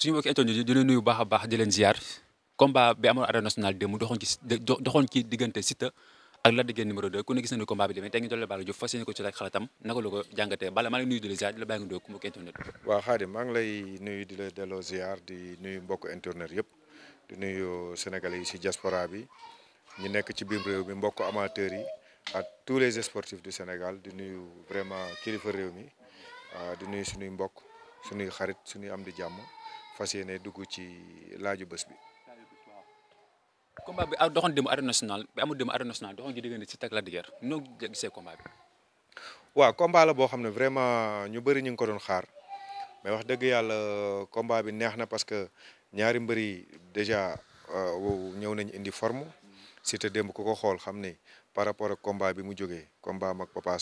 suñu mbokki internet yi nuyu baax a baax di leen ziar combat bi amoon arène nationale démb doxoon ci doxoon ci diggante Siteu ak Lac de Guiers numéro 2 ku ne gis nañu combat bi demee tey ngi doole Balla Diouf fas yéene ko ci laaj xalaatam naka la ko jàngatee Balla maa ngi nuyu di la ziar di la bàyyi nga nuyu ku mbokki internet waaw lay nuyu di la delloo ziar di nuyu mbokk internet yëpp di nuyu sénégalais yi si diaspora bi ñu nekk ci biir réew mi mbokk amateurs yi ak tous les sportifs du Sénégal di nuyu vraiment kilifa réew mi ah, di nuyu suñuy mbokk suñuy xarit suñuy am di jàmm fas yéene dugg ci laaju bés bi. combat bi ak doxoon démb arène nationale bi amul démb arène nationale doxoon ci diggante Siteu ak Lac de Guiers noo gisee combat bi. waaw combat boo xam ne vraiment ñu bëri ñu ngi ko doon xaar mais wax dëgg yàlla combat bi neex na parce que ñaari mbër yi déjà euh, ñëw nañ indi forme. Siteu démb ku ko xool xam ne par rapport ak combat bi mu jógee combat am ak Papa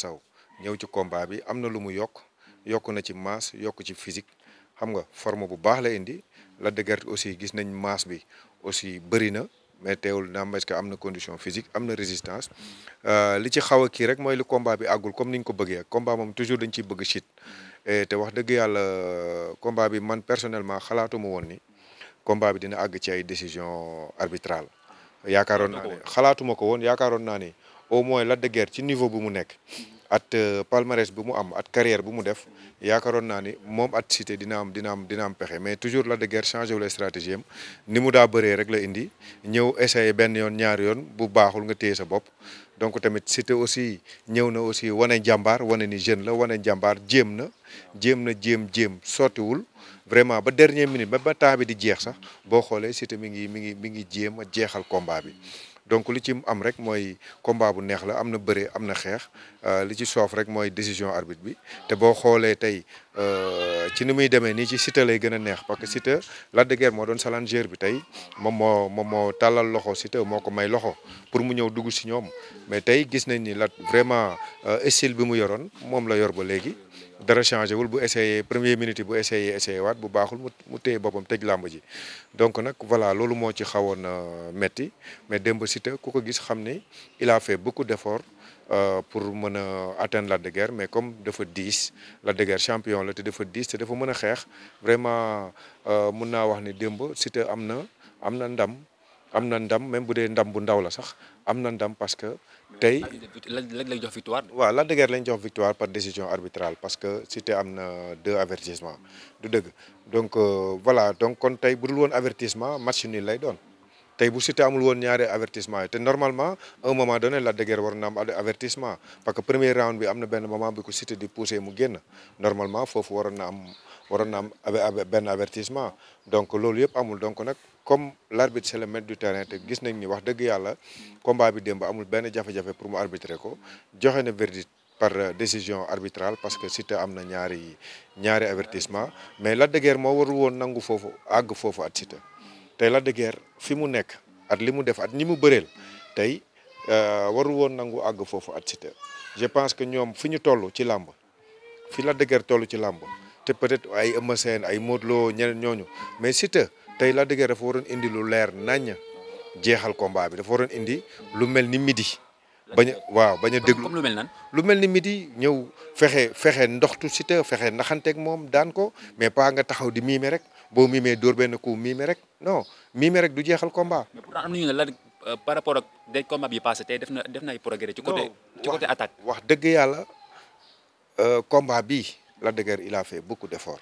ñëw ci combat bi am na lu mu yokk yokk na ci masse yokk ci physique. xam nga forme bu baax la indi Lac de Guiers aussi gis nañ masse bi aussi bëri na mais teewul naa parce que am na condition physique am na résistance euh, li ci xaw a kii rek mooy li combat bi àggul comme ni ñu ko bëggee combat moom toujours dañ ciy bëgg chute te wax dëgg yàlla combat bi man personnellement xalaatuma woon ni combat bi dina àgg ci ay décision arbitrale yaakaaroon naa ne xalaatuma ko woon yaakaaroon naa ni au moins Lac de Guiers ci niveau bu mu nekk at euh, palmarès bi mu am at carrière bu mu def yaakaaroon naa ni moom at Cité dina am dina am dina am pexe mais toujours Lac de Guiers changé wu la stratégie am ni mu daa bëree rek la indi ñëw essayé benn yoon ñaari yoon bu baaxul nga téye sa bopp. donc tamit Cité aussi ñëw na aussi wane jàmbaar wane ni jeune la wane jàmbaar jéem na jéem na jéem jéem sottiwul vraiment ba dernier minute ba ba temps bi di jeex sax boo xoolee Cité mi ngi mi ngi mi ngi jéem a jeexal combat bi. donc li ci am rek mooy combat bu neex la am na bëre am na xeex euh, li ci soof rek mooy décision arbitre bi te boo xoolee tey euh, ci ni muy demee nii ci Siteu lay gën a neex parce que Siteu Lac de moo doon challenger bi tey moom moo moom moo tàllal loxo Siteu moo ko may loxo pour mu ñëw dugg si ñoom mais tey gis nañ ni Lac vraiment euh, style bi mu yoroon moom la yor ba léegi. dara changé wul bu essayé premier minute yi bu essayé essayé waat bu baaxul mu téye boppam teg làmb ji donc nag voilà loolu moo ci xawoon euh, metti mais démb Siteu ku ko gis xam ni il a fait beaucoup d'efforts euh, pour mën a atteindre Lac de mais comme dafa diis la de Guiers champion la te dafa diis te dafa mën a xeex vraiment euh, mun naa wax ni démb Siteu am na am na ndam am na ndam même bu dee ndam bu ndaw la sax am na ndam parce que tey la lañ jox victoire. waaw Lac de Guiers lañ jox victoire par décision arbitrale parce que Siteu am na deux avertissements du dëgg donc euh, voilà donc kon tey bu dul woon avertissement match nul lay doon tey bu Siteu amul woon ñaare avertissement yi te normalement un moment donné Lac de Guiers war na am avertissement parce que premier round bi am na benn moment bi ko Siteu di poussé mu génn normalement foofu waroon na am waroon na am benn avertissement donc loolu yëpp amul donc nag. comme l' arbitre c'est du terrain te gis nañ ni wax dëgg yàlla combat bi démb amul benn jafe-jafe pour mu arbitrer ko joxe na verdict par euh, décision arbitrale parce que Siteu am na ñaari ñaari avertissement mais la de moo warul woon nangu foofu àgg foofu at Siteu tey Lac de fi mu nekk at li mu def at ñi mu bëreel tey euh, warul woon nangu àgg foofu at Siteu je pense que ñoom fi ñu toll ci làmb fi la de tollu ci làmb te peut-être ay Eumeu ay Modou ñeneen ñooñu tey Lac de Guiers dafa indi lu leer naññ jeexal combat bi dafa waroon indi lu mel ni midi. bañ waaw bañ a déglu lu mel nan lu mel ni midi ñëw fexe fexe ndoxtu Siteu fexe naxanteeg moom daan ko mais pas nga taxaw di miime rek boo miimee dóor benn coup miime rek non miime rek du jeexal combat. mais pourtant am nañu la euh, par rapport ak des combats bi passé tey def na def na ay progrès ci côté ci côté attaque. wax dëgg yàlla euh, combat bi la de Guiers il a fait beaucoup d'efforts.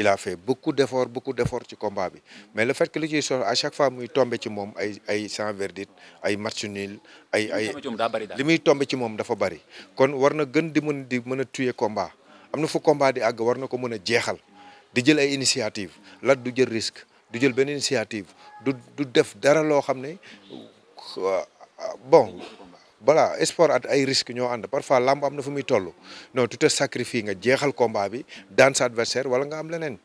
il a fait beaucoup d'efforts beaucoup d'efforts ci combat bi mais le fait que li ciy soxla à chaque fois muy tombé ci moom ay ay sans verdict ay match nul ay ay li muy tombe ci moom dafa bari kon war na gën di mën di mën a tuer combat am na fu combat di àgg war na ko mën a jeexal di jël ay initiative Lat du jël risque du jël benn initiative du du def dara loo xam ne euh, bon voilà sport at ay risque ñoo ànd parfois làmb am na fu muy toll non tu te sacrifies nga jeexal combat bi daan sa adversaire wala nga am leneen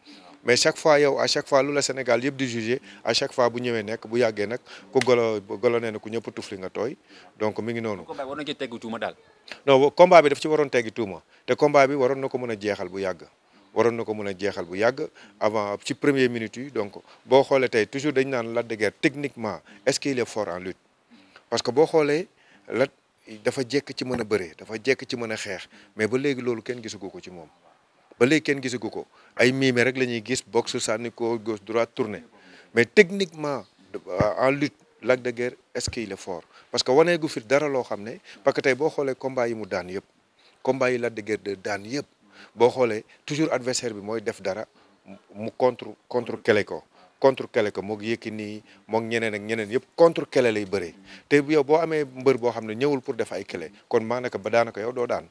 mais chaque fois yow à chaque fois lu la Sénégal yëpp di jugé à chaque fois bu ñëwee nekk bu yàggee nag ku golo golo nee na ku ñëpp tufli nga tooy donc mi ngi noonu. combat war na ci daal. non combat bi daf ci waroon teggi tuuma te combat bi waroon na ko mën a jeexal bu yàgg. waroon na ko mën a jeexal bu yàgg avant ci première minute yi donc boo xoolee tey toujours dañ naan la de Guiers techniquement est-ce parce que boo xoolee. Lat dafa jekk ci mën a bëree dafa jekk ci mën a xeex mais ba léegi loolu kenn gisugu ko ci moom ba léegi kenn gisagu ko ay miime rek la ñuy gis boxe sànni ko gauche droite tourné mais techniquement en lute Lac de Guiers est-ce qu'il est fort parce que waneegu fi dara loo xam ne parce que tey boo xoolee combat yi mu daan yëpp combat yi Lac de Guiers de daan yëpp boo xoolee toujours adversaire bi mooy def dara mu contre contre kele ko contre kele ko moo moog Yékini moog ñeneen ak ñeneen yëpp contre kele lay bëree te yow boo amee mbër boo xam ne ñëwul pour def ay kele kon maanaka ba daanaka yow doo daan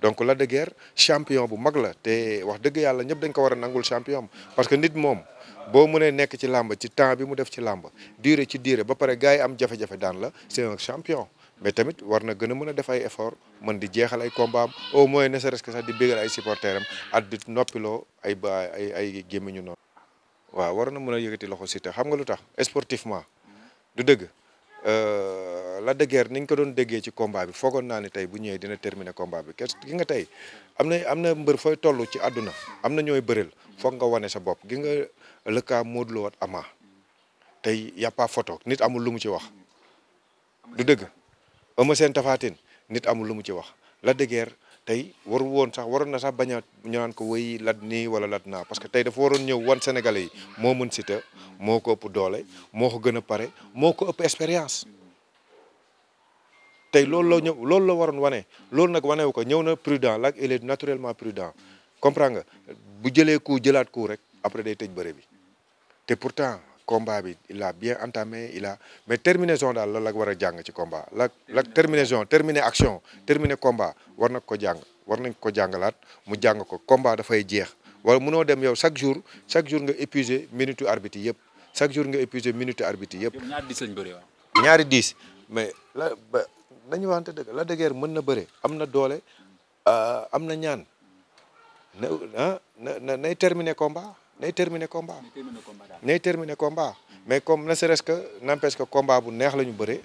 donc la de champion bu mag la te wax dëgg yàlla ñëpp dañ ko war a nangul champion parce que nit moom boo mënee nekk ci làmb ci temps bi mu def ci làmb durée ci durée ba pare gars yi am jafe-jafe daan la c'est un champion mais tamit war na gën a mën a def ay effort man di jeexal ay combat am au moins ne serait-ce que sax di bégal ay noppiloo ay ba ay ay gémmiñu noonu waaw war na mën a yëkkati loxo Siteu xam nga lu tax sportivement du dëgg euh, la de ni niñ ko doon déggee ci combat bi foogoon naa ne tey bu ñëwee dina terminer combat bi kes gi nga tey am na am na mbër fooy toll ci àdduna am na ñooy bëreel foog nga wane sa bopp gi nga le cas Modou Ama tey y a photo nit amul lu mu ci wax du dëgg ama seen tafaatin nit amul lu mu ci wax la de tey waru woon sax waroon na sax bañ a ñu ko wéy lat nii wala lat naa parce que tey dafa waroon ñëw wan Sénégalais yi moo mën Siteu moo ko ëpp doole moo ko gën a pare moo ko ëpp expérience tey loolu la ñëw loolu la waroon wane loolu nag wanewu ko ñëw na prudent lak il est naturellement prudent comprends nga bu jëlee ko jëlaat ko rek après day tëj bëre bi te pourtant combat bi il bien entamé il a mais terminaison daal la la war a jàng ci combat la la terminaison terminer action terminer combat war na ko jàng war nañ ko jàngalaat mu jàng ko combat dafay jeex wala munoo dem yow chaque jour chaque jour nga épuiser minute arbitre yëpp chaque jour nga épuiser minute arbitre yëpp. ñaari dix lañ bëri waaw. ñaari dix mais la ba nañu la dëgër mën na bëre am na doole euh, am na ñaan na ah nay terminer combat. day terminer combat. day terminer combat mais comme ne serait-ce que n'empêche que combat bu neex la ñu bëree.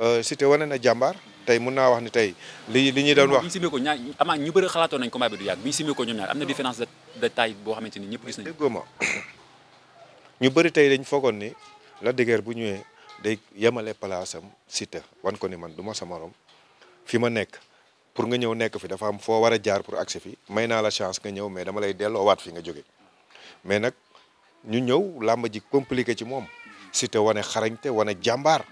Euh, Siteu wane na jàmbaar tey mun naa wax ni tey li li ñuy doon wax. bi ñu simee ko ñaar amaat ñu bëri xalaatoon nañ combat bi du yàgg ñu simee na différence de de taille boo ñu bëri tey dañ foogoon ni la de bu ñëwee day yemale place am Siteu wan ko ni man du ma sa morom fi ma nekk. pour nga ñëw nekk fi dafa am foo war a jaar pour accès fi may naa la chance nga ñëw mais dama lay delloowaat fi nga jóge mais nag ñu ñëw làmb ji compliqué ci moom Siteu wane xarañte wane jàmbaar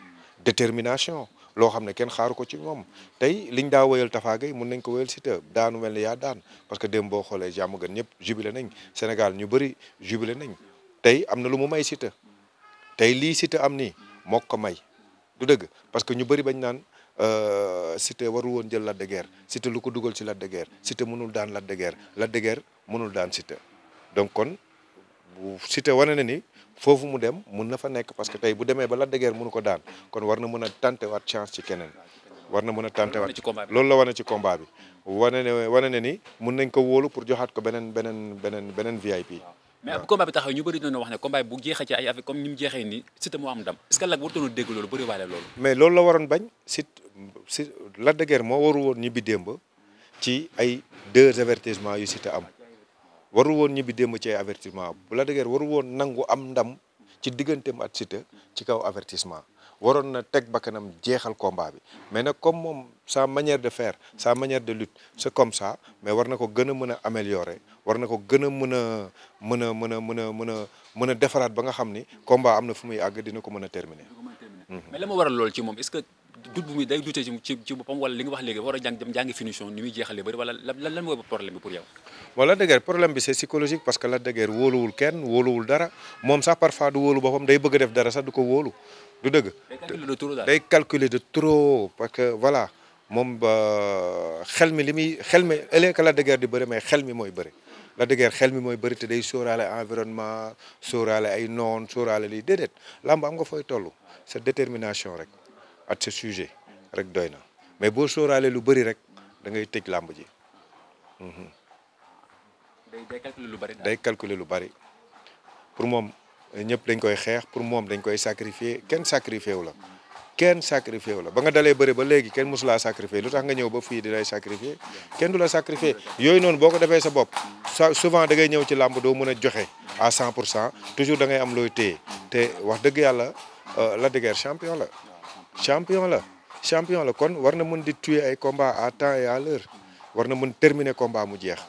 détermination loo xam ne kenn xaaru ko ci moom tey liñ daa wéyal Tapha Gueye mun nañ ko wéyal Siteu daanu mel ni yaa daan parce que démb boo xoolee jàmm gën ñëpp jubile nañ Sénégal ñu bëri jubile nañ tey am na lu mu may Siteu tey lii Siteu am ni moo ko may du dëgg parce que ñu bëri bañ naan euh, Siteu waru woon jël Lac de Guiers lu ko dugal ci Lac de Guiers mënul daan Lac de Guiers Lac mënul daan Siteu donc bu Cité wane na ni foofu mu dem mun na fa nekk parce que tey bu demee ba Lac de Guiers mënu ko daan kon war na mën a tantewaat chance ci keneen war na mën a tantewaat loolu la wane ci combat bi wane ne wane ni mun nañ ko wóolu pour joxaat ko beneen beneen beneen beneen VIP mais ab combat bi taxaw ñu bëri doon wax ne combat bu jeexee ci ay affaire comme ni mu jeexee nii Siteu moo am ndam est-ce que Lac warutoon a dégg loolu bëri waale loolu mais loolu la waroon bañ si si Lac moo waru woon ñibbi démb ci ay deux avertissements yu Siteu am warul woon ñibbi démb ci ay avertissement Lac de Guiers woon nangu am ndam ci digganteem at Siteu ci kaw avertissement waroon na teg bakkanam jeexal combat bi mais nag comme moom sa manière de faire sa manière de lutte c'est comme ça mais war na ko gën a mën a améliorer war na ko gën a mën a mën a mën a mën a mën a mën a defaraat ba nga xam ni combat am na fu muy àgg dina ko mën a terminer. Mhm. la ma waral lool ci moom est dut bu muy ci ci boppam wala li nga wax léegi war a jàng dem jàngi finition ni muy jeexalee bëri wala lan lan mooy problème bi pour yow bon Lac de Guiers problème bi c'est psychologique dara moom sax parfois du wóolu boppam day bëgg a dara sax ko wóolu du dëgg day calculer de trop parce que voilà moom euh, xel mi li muy xel mi ëllëg Lac de di bëri mais xel mi mooy bëri la de xel mi mooy bëri te day sóoraale environnement sóoraale ay noon sóoraale lii déedéet làmb am nga fooy toll sa détermination rek at sa sujet rek doy na mais boo sooraalee lu bëri rek da ngay tëj làmb ji. Mhm. day day calculer lu bëri day calculer lu bari pour moom ñëpp dañ koy xeex pour moom dañ koy sacrifier kenn sacrifier wu la. kenn sacrifié wu la ba nga dalee bëri ba léegi kenn mosulaa sacrifié lu tax nga ñëw ba fii di lay kenn du la sacrifié yooyu noonu boo ko defee sa bopp souvent da ngay ñëw ci làmb doo mën a joxe à cent pour cent toujours dangay am looy téye te wax dëgg yàlla euh, la dëgër champion la. champion la champion la kon war na mën di tuye ay combat à temps et à l'heure war na mën terminer combat mu jeex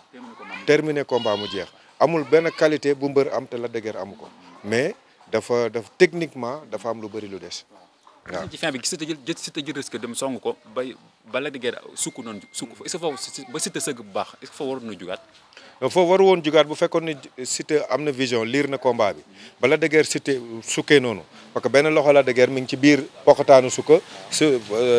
terminer combat mu jeex amul benn qualité bu mbër am te la dëgër amu ko mais dafa daf techniquement dafa am lu bëri lu des waaw ci fin bi Siteu jël jël Siteu jël risque dem song ko bay ba Lac de Guiers sukk noonu sukk fa est-ce que foofu ba Siteu bu baax est-ce que foofu jugaat foofu waru woon jugaat bu fekkoon ne Siteu am na vision liir na combat bi ba Lac de Guiers sukkee noonu parce que benn loxo Lac de Guiers mi ngi ci biir poqataanu sukka su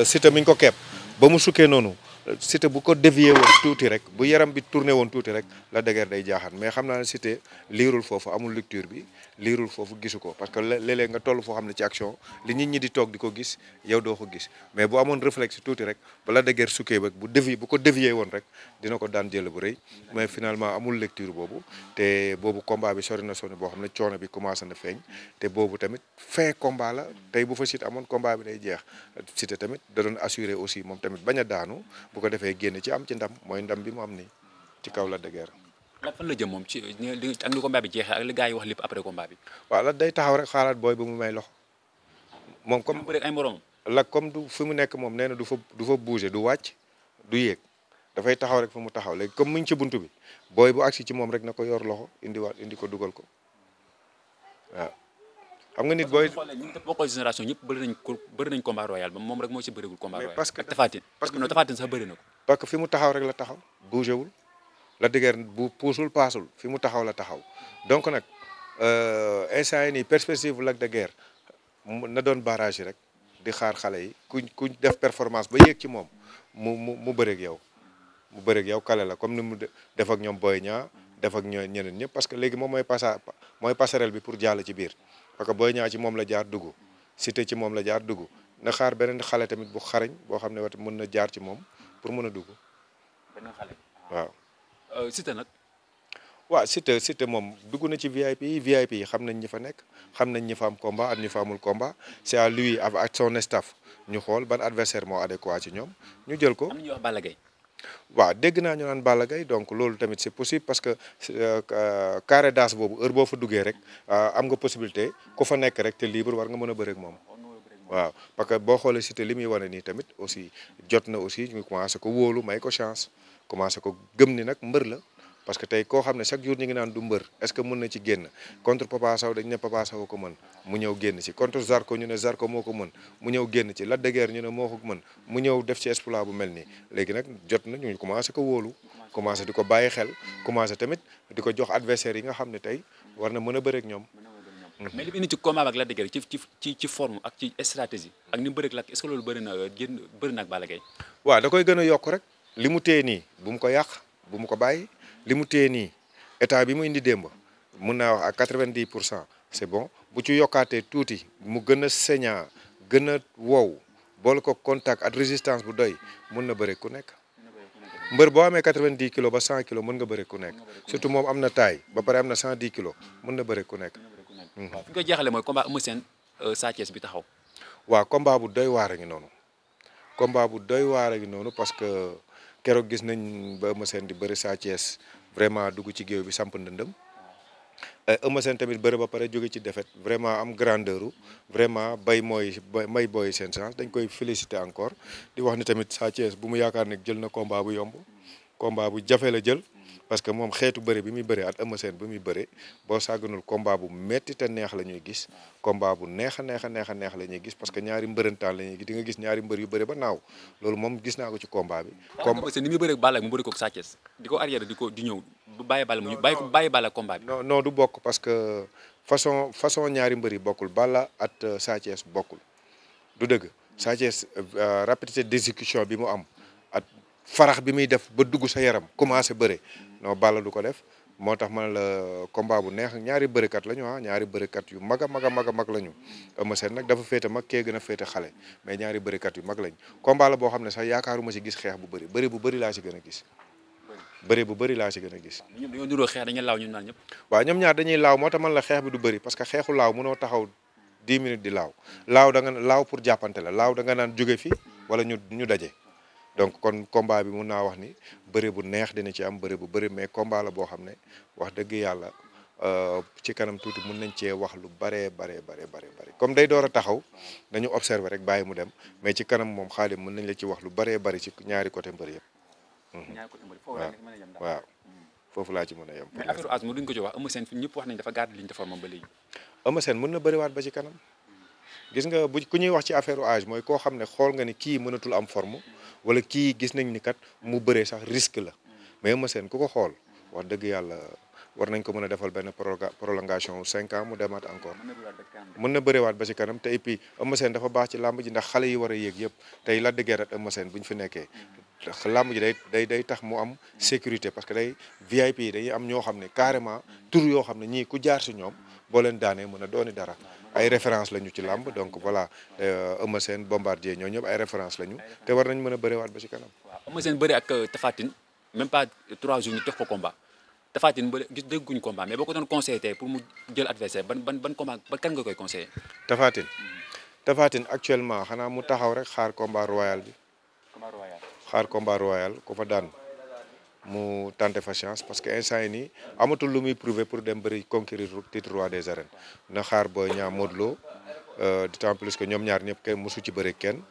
Siteu euh, mi ngi ko kepp ba mu sukkee noonu Siteu bu ko dévier woon tuuti rek bu yaram bi tourné woon tuuti rek la dëgër day jaaxaan mais xam naa ne Siteu liirul foofu amul lecture bi liirul foofu gisu ko parce que léeg-léeg nga toll foo xam ne ci action li nit ñi di toog di ko gis yow doo ko gis mais bu amoon réflexe tuuti rek ba la dëgër sukkee ba bu dévier bu ko dévier woon rek dina ko daan jël bu rëy mais finalement amul lecture boobu te boobu combat bi sori na sori boo xam ne coono bi commencé na feeñ te boobu tamit fin combat la tey bu fa Siteu amoon combat bi day jeex Siteu tamit da doon aussi moom tamit bañ a daanu bu ko defee génn ci am ci ndam mooy ndam bi mu am nii ci kaw la dëgër. la jëm moom ci ak ni combat bi jeexee ak li yi wax lépp après combat bi. waaw la taxaw rek xaalaat booy bu mu may loxo. moom comme ay morom. comme du fu mu nekk moom nee na du fa du fa bouger du wàcc du yéeg dafay taxaw rek fu mu taxaw léegi comme mu ci buntu bi booy bo agsi ci moom rek na ko yor loxo indiwaat indi ko dugal ko xam nga nit booy. bokkoo génération ñëpp bëri nañ ko bëri nañ combat royal ba moom rek moo ci bëriwul combat royal. parce que Tapha Tine parce que non Tapha Tine sax bëri na ko. parce que fi mu taxaw rek la taxaw bougé wul la dëgër bu puusul paasul fi mu taxaw la taxaw donc nag euh, instant yi nii perspective Lac de Guiers na doon barrage rek di xaar xale yi kuñ kuñ def performance ba yéeg ci moom mu mu mu bëreeg yow mu bëreeg yow kale la comme ni mu def ak ñoom Boy Niang def ak ñoo ñeneen ñëpp parce que léegi moom mooy passa mooy passerelle bi pour jàll ci biir. parce que Boy Niang ci moom la jaar dugg Siteu ci moom la jaar dugg na xaar beneen xale tamit bu xarañ boo xam ne wat mën na jaar ci moom pour mën a dugg. waaw. Euh, Siteu nag. waaw Siteu Siteu moom dugg na ci VIP yi VIP yi xam nañ ñi fa nekk xam nañ ñi fa am combat ak ñi fa amul combat c'est à lui ak son staff ñu xool ban adversaire moo adéquat ci ñoom ñu jël ko. am na wax Balla waaw dégg naa ñu naan Balla Gaye donc loolu tamit c'est possible parce que euh, carré d'as boobu heure boo fa duggee rek euh, am nga possibilité ko fa nekk rek te libre war nga mën a bëre moom. waaw parce que boo xoolee Siteu li muy wane nii tamit aussi jot na aussi ñu commencé ko wóolu may ko chance commencé ko gëm ni nag mbër la. parce que tey koo xam ne chaque jour ñu ngi naan du mbër est-ce que mën na ci génn contre Papa Sow dañ ne Papa Sow ko mën mu ñëw génn ci contre Zarko ñu ne Zarko moo ko mën mu ñëw ci Lac de ñu ne moo ko mën ñëw def ci exploit bu mel nii léegi nag jot na ñu commencé ko wóolu commencé di ko bàyyi xel commencé tamit di ko jox adversaire yi nga xam ne tey war na mën a bëre ak ñoom mais li mu indi ci combat ak Lac de ci ci ci forme ak ci stratégie ak ni mu bëre ak Lac est loolu bëri na génn bëri na ak Balla Gaye koy gën a yokk rek li mu téye nii bu mu ko yàq bu mu ko bàyyi li mu téye nii état bi mu indi démb mun naa wax à quatre-vingt-dix pour cent c'est bon bu ci yokkaatee tuuti mu gën a saignant gën a wow boole ko contact ak résistance bu doy mun na bëre ku nekk. mbër boo amee quatre-vingt-dix kilos ba cent kilos mën nga bëre ku nekk surtout moom am na taille ba pare am na cent di kilos mën na bëre ku nekk. waaw fi ñu koy jeexalee mooy combat Eumeu Sène euh, Sa Thiès bi taxaw. waaw combat bu doy waar a ngi noonu combat bu doy waar a ngi noonu parce que keroog gis nañ ba Eumeu Sène di bëri Sa vraiment dugg ci géew bi samp ndëndëm euh, Eumeu Sène tamit bëre ba pare jóge ci defet vraiment am grandeur vraiment bay mooy may booy seen chance dañ koy féliciter encore di wax ni tamit Sa Thiès bu mu yaakaar ne jël na combat bu yomb combat bu jafe la jël parce que moom xeetu bëre bi muy bëre at Eumeu bi muy bëre boo sàgganul combat bu métti te neex la ñuy gis combat bu neex a neex a neex a neex la ñuy gis parce que ñaari mbërëntaan la ñuy gis di nga gis ñaari mbër yu bëre ba naaw loolu moom gis naa ko ci combat bi. combat ni muy bëre Balla mu bëre ko ak di ko arrière di ko di ñëw bàyyi Balla mu bàyyi ko bàyyi Balla combat bi. non non du bokk parce que façon façon ñaari mbër yi bokkul bala at Sa bokkul du dëgg Sa Thiès euh, rapidité bi mu am farax bi muy def ba dugg sa yaram commencé bëre noo Balla du ko def moo tax man la combat bu neex ñaari bërëkat la ñu ah, ñaari bërëkat yu mag a mag a a mag la ñu Eumeu Sène dafa féete mag kee gën a féete xale mais ñaari bërëkat yu mag lañ combat boo xam ne sax yaakaaruma si gis xeex bu bëri bëri bu bëri laa si gën gis bëri bu bëri laa si gën gis ñoom dañoo laaw ñoom ñaar ñëpp waaw ñoom ñaar dañuy laaw moo tax man la xeex bi du bëri parce que xeexu laaw mënoo taxaw dix minutes di laaw laaw da nga laaw pour jàppante la laaw da nga naan jóge fi wala ñu ñu daje donc kon combat bi mun naa wax ni bëre bu neex dina ci am bëre bu bëri mais combat la boo xam ne wax dëgg yàlla euh, ci kanam tuuti mun nañ cee wax lu baree baree baree bëri comme day door a taxaw dañu observer rek bàyyi mu dem mais ci kanam moom xaalis mun nañ la ci wax lu bare bëri ci ñaari côté mbër yëpp. Mhm. ñaari côté mbër foofu a waaw mhm. foofu laa ci mën a yem. ko ci wax Eumeu Sène fi ñëpp wax nañ dafa gàddu liñ defoon moom mun na bëriwaat ba ci kanam. gis nga bu ku ñuy wax ci affaire âge mooy koo xam ne xool nga ni kii mënatul am forme wala kii gis nañ ni kat mu bëree sax risque la mais Eumeu Sène ku ko xool wax dëgg yàlla war nañ ko mën a defal benn prolongation cinq ans mu demaat encore mën na bëriwaat ba ci kanam te et puis Eumeu dafa baax ci làmb ji ndax xale yi war a yéeg yëpp tey Lac de Guiers ak Eumeu bu ñu fi nekkee làmb ji day day day tax mu am sécurité parce que day VIP yi dañuy am ñoo xam ne carrément tur yoo xam ne ñii ku jaar si ñoom boo leen mën a dooni dara ay référence lañu ci làmb donc voilà euh, Eumeu Sène Bombardier ñoo ñëpp ay référence lañu te war nañ mën a bëriwaat ba ci kanam. waaw Eumeu Sène bëri ak euh, Tapha Tine même pas trois jours ñu jox ko combat Tapha Tine ba gis dégguñu combat mais boo ko doon conseillé tey pour mu jël adversaire ban ban ban combat ban kan nga koy conseillé. Tapha Tine actuellement xanaa mu taxaw rek xaar combat royal bi. combat royal xaar combat royal ku fa daan. mu tenter fa chance parce que instant yi nii amatul lu muy prouver pour dem bari conquérir titre roi des arènes na xaar Boy Niang Modou Lo euh, d'autant plus que ñoom ñaar ñëpp kenn mosu ci bëri kenn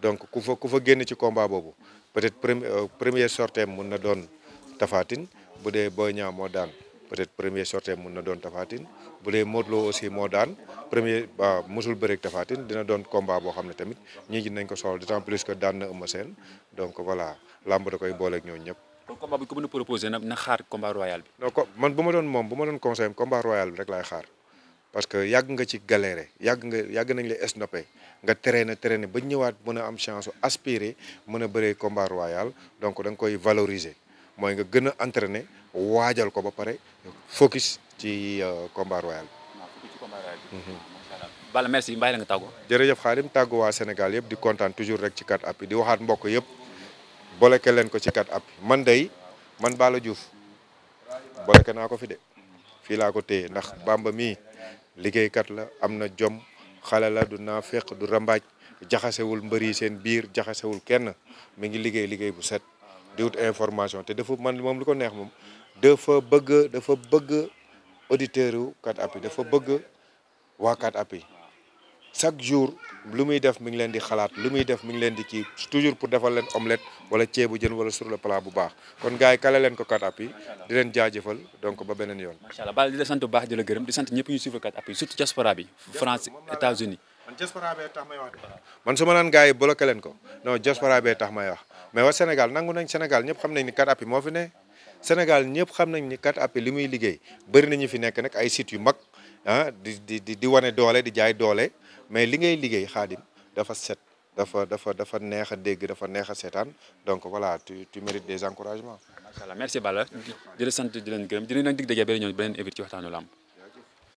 donc ku fa ku génn ci combat boobu peut-être première euh, première sortie mun na doon tafaatin bu dee Boy Niang moo daan peut-être première sortie mun na doon Tapha bu dee Modou aussi moo daan premier waaw mosul bari Tapha Tine dina doon combat boo xam ne tamit ñii nañ ko soxla d'autant plus que daan na Eumeu Sène donc voilà làmb koy booleeg ñooñu ñëpp. kon combat bu ñu ko mën a proposé na xaar combat royal bi. non ko man bu ma doon moom bu ma doon conseil am combat royal bi rek laay xaar parce que yàgg nga ci galéré yàgg nga yàgg nañ la esnoppé nga traîné ne ba ñëwaat mën a am chance aspirer mën a bëree combat royal donc danga koy valoriser mooy nga gën a entraîner waajal ko ba pare focus ci euh, combat royal. Balla mhm. merci bàyyi la nga tàggoo. jërëjëf Xaadim tàggu waa Sénégal yëpp di kontaan toujours rek ci 4appuis di waxaat mbokk yëpp. boleke leen ko ci kat app man day man Balla Diouf boleke naa ko fi de fii laa ko téye ndax Bamba mii liggéeykat la am na jom xale la du naafeq du rambaaj jaxasewul mbër yi seen biir jaxasewul kenn mi ngi liggéey liggéey bu set di wut information te dafa man moom li ko neex moom dafa bëgg dafa bëgg auditeur yu kat app yi dafa bëgg waa kat app chaque jour lu muy def mi ngi leen di xalaat lu muy def mi ngi leen di kii toujours pour defal leen omelette wala ceebu jën wala sur le plat bu baax kon gars yi kale leen ko 4appuis di leen jaajëfal donc ba beneen yoon. macha allah Balla di la sant bu baax jël la gërëm di sant ñëpp ñu suivre 4appuis surtout diaspora bi France États-Unis man diaspora naan gars yi leen ko non diaspora bee tax ma wax mais waa Sénégal nangu nañ Sénégal ñëpp xam nañ ni 4appuis moo fi ne Sénégal ñëpp xam nañ ni 4appuis li muy liggéey bëri nañu fi nekk nag ay sites yu mag ah di di di wane doole di jaay doole mais li ngay liggéey xaadim dafa set dafa dafa dafa neex a dégg dafa neex a seetaan donc voilà tu tu des encouragements. macha allah merci Balla di la sant di leen gërëm di leen dig daje beneen ñoom waxtaanu lamb